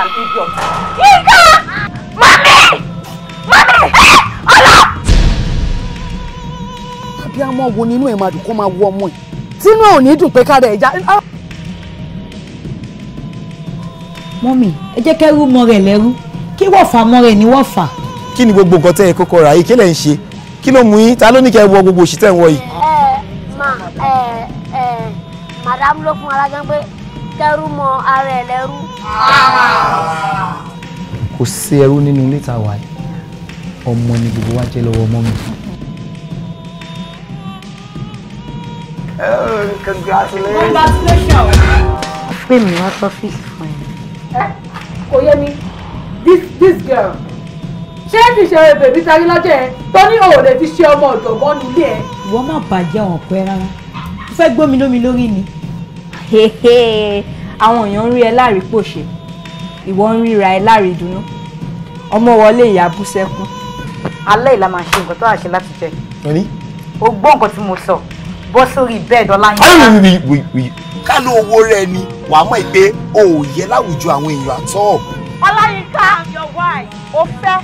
an idiot. Yinka! Mami! Mami! Ọlá! Àbí àmọ́ wo nínú ẹ̀ máa dùn kó máa wọ o ẹ̀? Tínú ò ní dùn pé ká rẹ̀ ẹja. Ah! Mọ́mì, ẹ jẹ́ kẹ́rú mọ rẹ̀ lẹ́rú. Kí wọ́fà mọ rẹ̀ ní wọ́fà. Kí ni gbogbo nǹkan tẹ́ ẹ kókó ra yìí? Kí lẹ̀ ń ṣe? Kí ló mú yín? Ta ló ní kẹ́ ẹ wọ gbogbo òṣì tẹ́ ń wọ yìí? Ẹ eh, ẹ ma ẹ eh, ẹ eh, madam ló fún alágbọ́n pé dẹrú mọ ara ẹ̀ lẹ́rú. kò sí ẹrú nínú ilé tá a wà yìí ọmọ ni gbogbo wa jẹ́ lọ́wọ́ ọmọ mi. congratulations. congratulations. wá sọ́fíìsì fún ẹ. kò yé mi this this girl ṣé ti ṣe ẹ bèbí sáré lọ́jọ́ ẹ tó ní òun lè fi ṣe ọmọ ọ̀jọ̀gbọ́n nílé ẹ. ìwọ má bàjẹ́ ọ̀pẹ rárá fẹ́ gbómi lórí ni àwọn èèyàn ń rí ẹ láàrí pòṣe ìwọ ń ríra ẹ láàrí ìdùnnú ọmọ wọlé ìyá bú sẹ́kún. alẹ́ ìlà máa ṣe nǹkan tó àṣẹ láti jẹ. ẹni. o gbọ́ nǹkan tí mo sọ bọ́ sórí bẹ́ẹ̀dì ọláyínká. kánú owó rẹ ni wàá mọ̀ pé o ò yẹ láwùjọ àwọn èèyàn àtọ́. ọláyínká your wife o fẹ́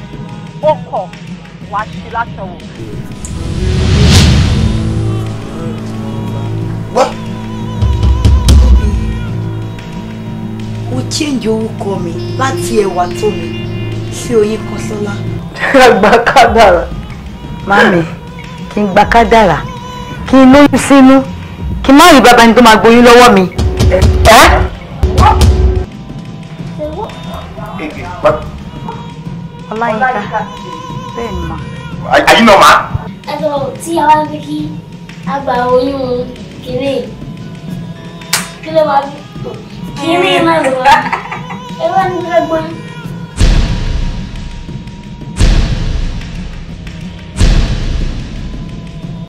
o kọ̀ wàá ṣe látọ̀wọ̀. change orúkọ mi láti ẹwà tó mi sí oyin kan sọ́lá. gba kádàrà mami kí n gba kádàrà kí n lóyún sínú kí n má rí bàbá ni tó máa gboyún lọ́wọ́ mi. ẹ ẹ. Ọláyínká bẹ́ẹ̀ ni mà. Àyí náà mà. Ẹ̀sọ̀ tí a wá fi kí a oyún kéré kí wá fi. Give me another one.